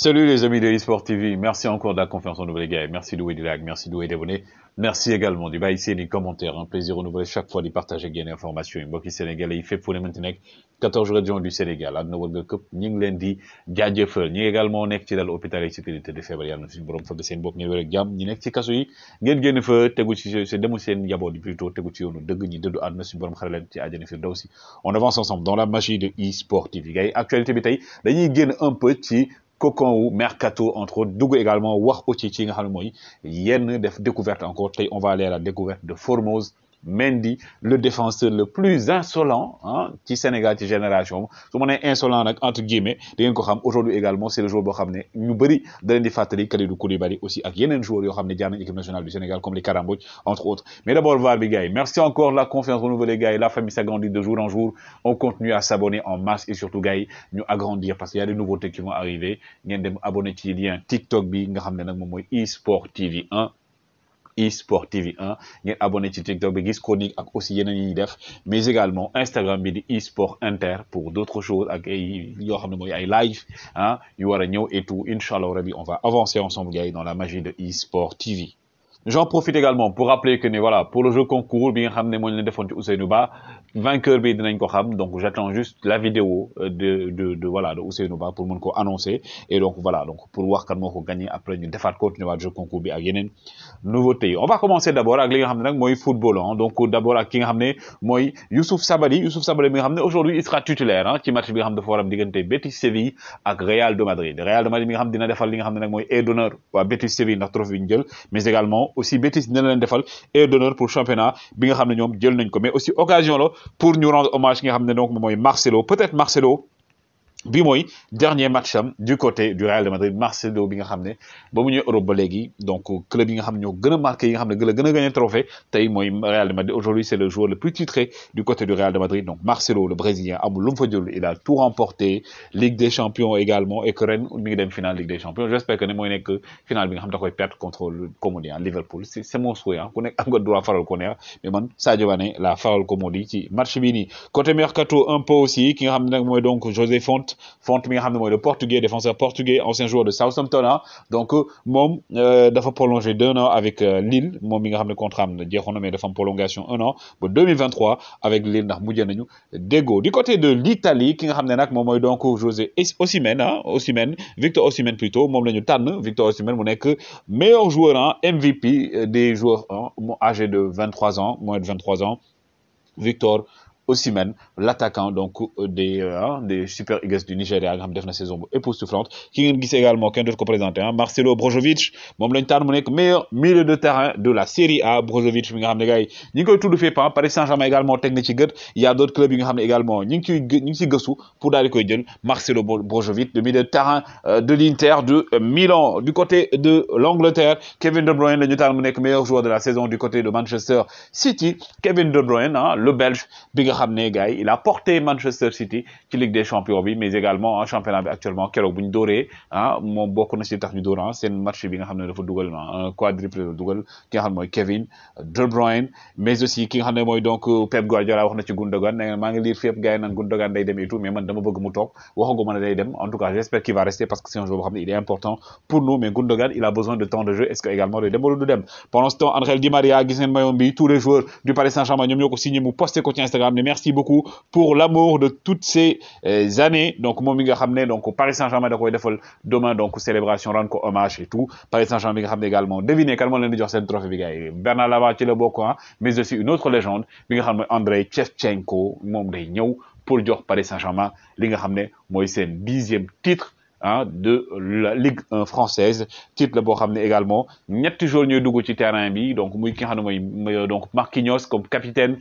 Salut les amis de eSport TV, merci encore de la confiance en nous les gars, merci de des likes, merci de des abonnés, merci également du bail les commentaires, un plaisir renouvelé chaque fois de partager gain d'informations, une boki sénégalais, il fait pour les maintenant 14 régions du Sénégal, à nouveau World Cup, ñu ngi leen di jaajëfal ñi également nekk ci dal hôpital yi ci tëdd de feebar yàlla na suñu borom fëgg seen bopp ngeen wér ak jàmm ñi nekk ci kaso yi ngeen génn fa tegu ci seen demu seen njaboot yi plutôt tegu ci yoonu dëgg ñi dëddu àdduna suñu borom xare leen ci àjjana on avance ensemble dans la magie de eSport TV gars actualité bi tey dañuy génn un peu ci cocon mercato entre autres dugg également wax aussi ci nga découverte encore on va aller à la découverte de Formose Mendy le défenseur le plus insolent hein, ci Sénégal ci génération su on est insolent entre guillemets aujourd'hui également c'est le joueur où xam ñu Kalidou Koulibaly aussi ak Yenen joueurs équipe nationale du Sénégal comme les Karambodj entre autres mais d'abord gars merci encore la confiance les gars la famille s'agrandit de jour en jour on continue à s'abonner en masse et surtout gars nous agrandir parce qu'il y a des nouveautés qui vont arriver ngeen dem abonné ci lien TikTok bi nga xam eSport TV 1 eSport TV 1 ngeen abonné ci TikTok bi gis chronique ak aussi def mais également Instagram bi sport eSport Inter pour d'autres choses ak yo xamné moy ay live hein, yu are et tout inchallah on va avancer ensemble gars dans la magie de eSport TV. J'en profite également pour rappeler que voilà, pour le jeu concours, bien ramené moi le défend Ousseynou Ba, vainqueur bi dinañ ko xam. Donc j'attends juste la vidéo euh, de de, de voilà de Ousseynou Ba pour mon ko annoncer et donc voilà, donc pour voir kan moko gagner après ñu défat continuer le jeu concours bi ak yenen nouveauté. On va commencer d'abord avec li nga xamné nak moy football hein. Donc d'abord ak ki nga xamné moy Youssouf Sabali, Youssouf Sabali mi nga xamné aujourd'hui il sera titulaire hein ci match bi nga xamné dafa wara digënté Betis Séville ak Real de Madrid. Real de Madrid mi nga xam dina défal li nga xamné nak moy aide d'honneur wa Betis Séville ndax trophée bi ñu jël mais également aussi bêtise dina leen defal et d'honneur pour championnat bi nga xamné ñom jël nañ ko mais aussi occasion la pour ñu rendre hommage nga xamné donc moy Marcelo peut-être Marcelo bi moy dernier matcham du côté du Real de Madrid Marcelo bi nga xamné ne ba mu Europe ba donc club yi nga xamné ñoo gëna marqué yi nga xamné gëna gëna a gagné trophée tay moy Real de Madrid aujourd'hui c'est le joueur le plus titré du côté du Real de Madrid donc Marcelo le Brésilien amul lu fa jël il a tout remporté Ligue des Champions également et que ren mi ngi dem finale Ligue des Champions j'espère que ne moy nek finale bi nga xam da perdre contre le comédien Liverpool c'est mon souhait ah ku nek am nga droit faral ko neex mais man Sadio Mané la faral le ci match bi ni côté mercato un peu aussi ki nga xamné nak moy donc José Fonte Font Fonte mi nga le portugais défenseur portugais ancien joueur de Southampton Hein. donc euh, euh, dafa prolongé d'un ans avec euh, Lille Mom, mi nga contrat de na jeexoon na mais dafa prolongation un an Pour 2023 avec Lille ndax avons nañu déggoo du côté de l'Italie ki nga xam ne nag donc José Osimhen hein, Osimhen Victor Osimhen plutôt Mom, le ñu Victor Victor Osimhen mu le meilleur joueur hein, ah, MVP euh, des joueurs âgés de 23 ans moins de 23 ans Victor même l'attaquant donc euh, des euh, hein, des Super Eagles du Nigeria qui a fait na saison époustouflante qui ngeen également qu'un d'autre ko hein, Marcelo Brozovic le meilleur milieu de terrain de la Série A Brozovic qui n'y a pas de tout ñi fait, hein, Paris Saint-Germain également technique, il y a d'autres clubs qui également ñi ngi ciy pour aller di Marcelo Brozovic le milieu de terrain euh, de l'Inter de Milan du côté de l'Angleterre Kevin De Bruyne le meilleur joueur de la saison du côté de Manchester City Kevin De Bruyne le Belge xamné gay il a porté Manchester City ci Ligue des Champions bi mais également en hein, championnat bi actuellement keroog buñ ñu dóoree ah moom na ci tax ñu dóor hein, sen match bi nga xamné ne dafa dugal un quadruplé la ki nga xam Kevin De Bruyne mais aussi ki nga xam moy donc euh, Pep Guardiola wax na ci Gundogan nee na maa ngi liir fépp gars yi Gundogan day dem et tout mais man dama bëgg mu tok waxaguma ne day dem en tout cas j'espère qu'il va rester parce que c'est un joueur boo il est important pour nous mais Gundogan il a besoin de temps de jeu est-ce que également day dem wala du dem pendant ce temps Angel Di Maria gis ngeen maillot bi tous les joueurs du Paris Saint-Germain ñom ñoko ko signé mu posté ko ci Instagram merci beaucoup pour l'amour de toutes ces euh, années donc moi, je nga xam Paris Saint-Germain de demain donc célébration rendre hommage et tout Paris Saint-Germain bi également devinez kan l'un des di jox trophée Bernard Lava ci le beaucoup. Hein. mais aussi une autre légende bi André Tchevchenko, ne Andrei Shevchenko pour Paris Saint-Germain li nga xam Moi, 10 dixième titre hein, de la Ligue 1 française titre le boo également ñetti a toujours dugg ci terrain bi donc muy ki donc Marquinhos comme capitaine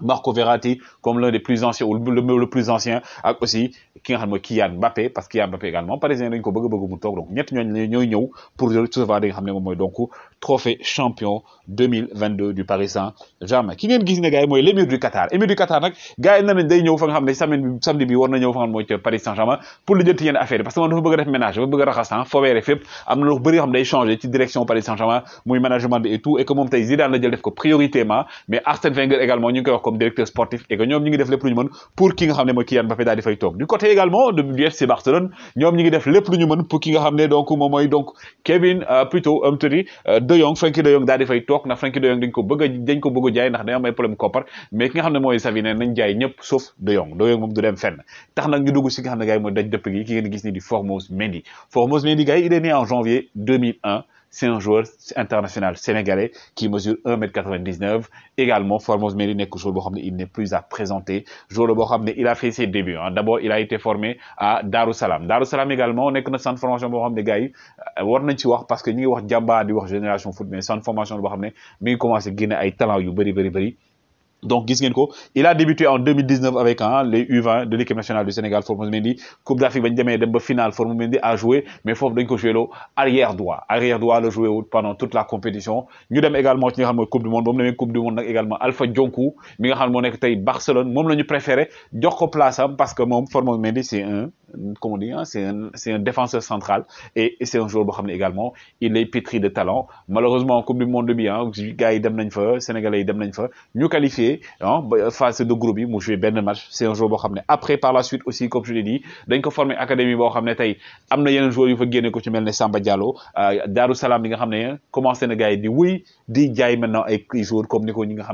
Marco Verratti comme l'un des plus anciens ou le, le, le plus ancien ak aussi ki nga xam ne Mbappé parce que Kylian Mbappé également parisien dañ ko bëgg bëgg mu toog donc ñett ñoy ñooy pour recevoir li nga xam ne donc trophée champion 2022 du Paris Saint-Germain ki ngeen gis ne gars moy mooy l'émir du Qatar émir du Qatar nak gars yi nañ day ñëw fa nga xamné samedi samedi bi war na ñëw fa nga xam Paris Saint-Germain pour le jënti yenn affaire parce que moom dafa bëgg def ménage dafa bëgg raxasan ah, foweere fépp am na lu bëri yoo xam day changer ci direction Paris Saint-Germain muy management bi et tout et que moom tay Zidane la jël def ko prioritairement ah, mais Arsène Wenger également ñu ngi koy wax comme directeur sportif et que ñoom ñi ngi def lépp lu ñu mën pour ki nga xam ne mooy Kylian Mbappé daal di fay toog du côté également de du FC Barcelone ñoom ñi ngi def lépp lu ñu mën pour ki nga xam ne donc moom mooy donc Kevin euh, plutôt am tëri euh, De Jong Franky De Jong daal di fay toog ndax Frenkie De Jong dañ ko bëgg a dañ ko bëgg a jaay ndax dañoo am ay problème koppar mais ki nga xam ne mooy Xavi nañ jaay ñëpp sauf De Jong De Jong moom du dem fenn tax nag ñu dugg si nga xam ne gars yi mooy daj dëpp gi ki ngeen gis ni di Formose Mendy Formose Mendy gars yi il est né en janvier 2001 c'est un joueur international sénégalais qui mesure 1m99 également il n'est plus à présenter il a fait ses débuts hein. d'abord il a été formé à Darussalam. Salam également, Salam également formation euh, parce que nous, wax génération foot mais formation donc gis il a débuté en 2019 avec hein, les U20 de l'équipe nationale du Sénégal Formos Mendy Coupe d'Afrique ba ñu dem ba finale Formose Mendy a joué mais Formos dañ ko joué arrière droit arrière droit le joué pendant toute la compétition Nous avons également ci nga xam Coupe du Monde ba mu Coupe du Monde également Alpha Dionkou mi nga xam Barcelone nous avons préféré jox ko place parce que Formos Mendy c'est un comment dire, hein, c'est un, un, défenseur central et, c'est un joueur également il est pétri de talent malheureusement Coupe du Monde de bien hein, gars dem nañ fa Sénégalais yi dem nañ fa ñu qualifié hein, ah phase de groupe yi vais bien le match c'est un joueur boo après par la suite aussi comme je l'ai dit dans ko formé académie il y a un am na yeneen joueurs yu fa génne ko ci mel Samba Diallo euh, Darou Salam li nga xam ne commencé gars di wuy di maintenant ay joueurs comme ni ko ñi nga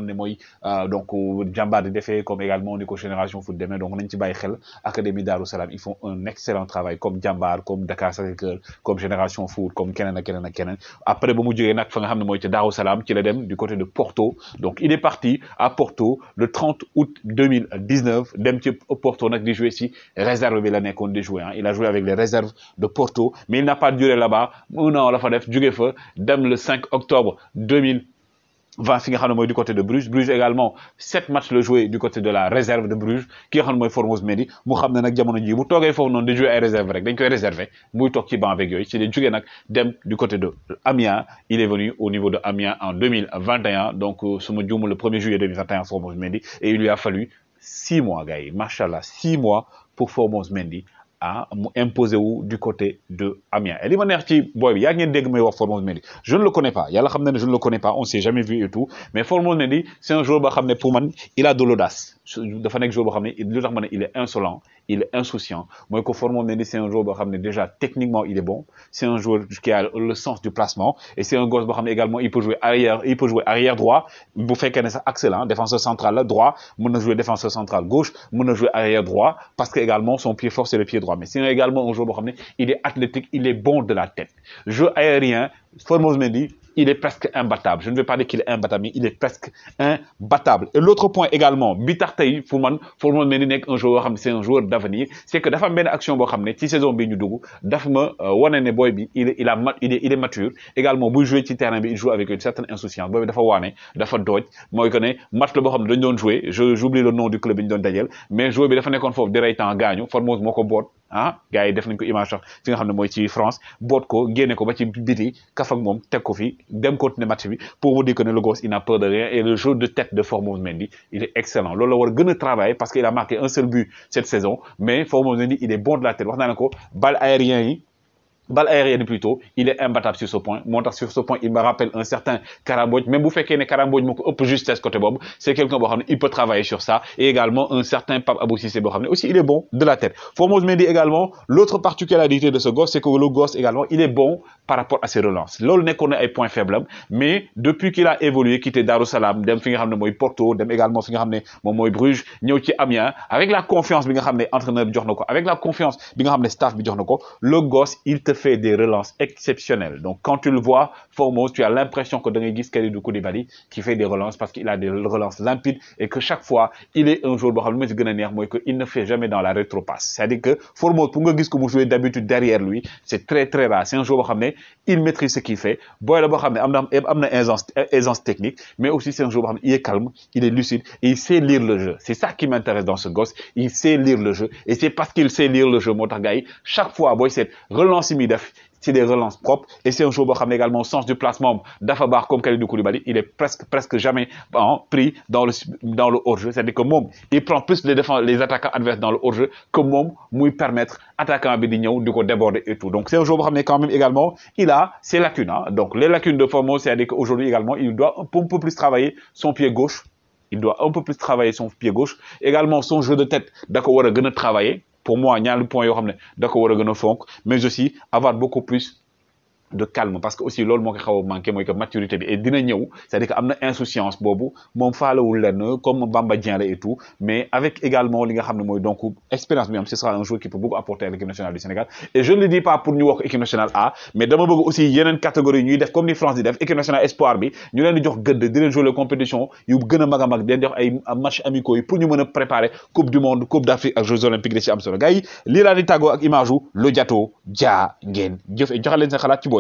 euh, donc Djamba de Défé, comme également ni Génération Foot demain. donc nañ ci bàyyi xel académie Darou Salam ils font un excellent travail comme Jambar comme Dakar sacré comme Génération Foot comme Kenan Kenan Kenan après bamou mu nak fa nga xam moy ci Salam ci la dem du côté de Porto donc il est parti à Porto le 30 août 2019 dem ci Porto nak di jouer ici réserve bi la qu'on di jouer hein. il a joué avec les réserves de Porto mais il n'a pas duré là-bas un la fa def fa le 5 octobre 2000 va fi nga xam du côté de Bruges Bruges également sept matchs le jouer du côté de la réserve de Bruges qui est un ne mooy Formose Mendy mu xam ne nag jamono ji bu toogee réserve rek dañ koy réservé muy toog ci banc avec yooyu du côté de Amiens il est venu au niveau de Amiens en 2021 donc ce euh, ma le 1er juillet 2021 Formose Mendy et il lui a fallu 6 mois gars Machallah, 6 mois pour Formose Mendy ah mu imposé du côté de Amiens et li ma neex ci booy bi ngeen dégg may wax Formose je ne le connais pas Yalla xam na je ne le connais pas on s'est jamais vu et tout mais formol Mendy c'est un joueur ba xamné pour man il a de l'audace dafa il est insolent il est insouciant moy ko formo c'est un joueur bo déjà techniquement il est bon c'est un joueur qui a le sens du placement et c'est un gosse bo également il peut jouer arrière il peut jouer arrière droit bu excellent défenseur central à droit mon jouer défenseur central gauche Moi, jouer arrière droit parce que également son pied fort c'est le pied droit mais c'est également un joueur bo il est athlétique il est bon de la tête jeu aérien me dit il est presque imbattable. Je ne vais pas dire qu'il est imbattable, mais il est presque imbattable. Et l'autre point également, Bitar Tay, Fourman, un joueur, c'est un joueur d'avenir, c'est que d'afin Ben action, Bohamne, si saison Binoudougou, d'afin, euh, Wanene Boy, il, il, il, est, il est mature. Également, vous jouez terrain, il joue avec une certaine insouciance. Boy, Dafa Wane, Dafa moi, je connais, match le Bohamne, de jouer, j'oublie le nom du club, Daniel, mais jouer, d'afin, qu'on faut, derrière, en gagne, Formose, Moko Bord, ah gars yi def nañ ko image sax fi nga xam ne ci France boot ko génne ko ba ci biti kaf ak moom teg ko fi dem match bi pour vous dire que le gosse il n'a peur de rien et le jeu de tête de Formose Mendy il est excellent loolu la war a travailler parce qu'il a marqué un seul but cette saison mais Formose Mendy il est bon de la tête wax a ne ko balle aérien yi balle aérienne plutôt il est imbattable sur ce point Montre sur ce point il me rappelle un certain Kara même bu fekkee qu'il est justesse côté Bob, c'est quelqu'un qui il peut travailler sur ça et également un certain Pape Abou Sissé aussi il est bon de la tête me dit également l'autre particularité de ce gosse c'est que le gosse également il est bon par rapport à ses relances L'ol n'est qu'on ay points faibles mais depuis qu'il a évolué quitté Darussalam dem fi nga xam Porto dem également fi nga Bruges Amiens avec la confiance bi nga entraîneur avec la confiance staff le gosse il te fait des relances exceptionnelles. Donc, quand tu le vois, Formos, tu as l'impression que Kelly du Koulibaly qui fait des relances parce qu'il a des relances limpides et que chaque fois, il est un joueur il ne fait jamais dans la rétropasse. C'est-à-dire que Formos, pour que vous jouez d'habitude derrière lui, c'est très très rare. C'est un joueur il maîtrise ce qu'il fait. il a aisance technique, mais aussi c'est un joueur il est calme, il est lucide et il sait lire le jeu. C'est ça qui m'intéresse dans ce gosse. Il sait lire le jeu et c'est parce qu'il sait lire le jeu, Chaque fois, boy, cette relance immédiate c'est des relances propres et c'est un joueur mais également également sens du placement d'Afabar comme Khalidou Koulibaly il est presque presque jamais hein, pris dans le dans le hors-jeu c'est-à-dire que il prend plus les défense les attaquants adverses dans le hors-jeu que Mom lui permettre attaquant un di bédignon de déborder et tout donc c'est un joueur mais quand même également il a ses lacunes hein. donc les lacunes de FOMO, c'est-à-dire qu'aujourd'hui également il doit un peu plus travailler son pied gauche il doit un peu plus travailler son pied gauche également son jeu de tête D'accord, on travailler pour moi il y a le point où ko D'accord, a fonk mais aussi avoir beaucoup plus de calme parce que aussi lol moo xaw a manqué que maturité bi et dina ñëw c'est-à-dire que amna insouciance boobu moom faalawul lenn comme Bamba Dieng et tout mais avec également li nga xamné moy donc expérience bi am ce sera un joueur qui peut beaucoup apporter à l'équipe nationale du Sénégal et je ne le dis pas pour ñu wax équipe nationale A mais dama bëgg aussi yeneen catégorie ñuy def comme ni France di def équipe nationale espoir bi ñu leen di jox gëdd di leen jouer les compétitions yu gëna maga mag di leen jox ay match amicaux yi pour ñu mën préparer coupe du monde coupe d'Afrique ak jeux olympiques de ci am solo gars yi lii laa di tàggoo ak image wu Lodiato ja ngeen jëf joxe leen seen xalaat ci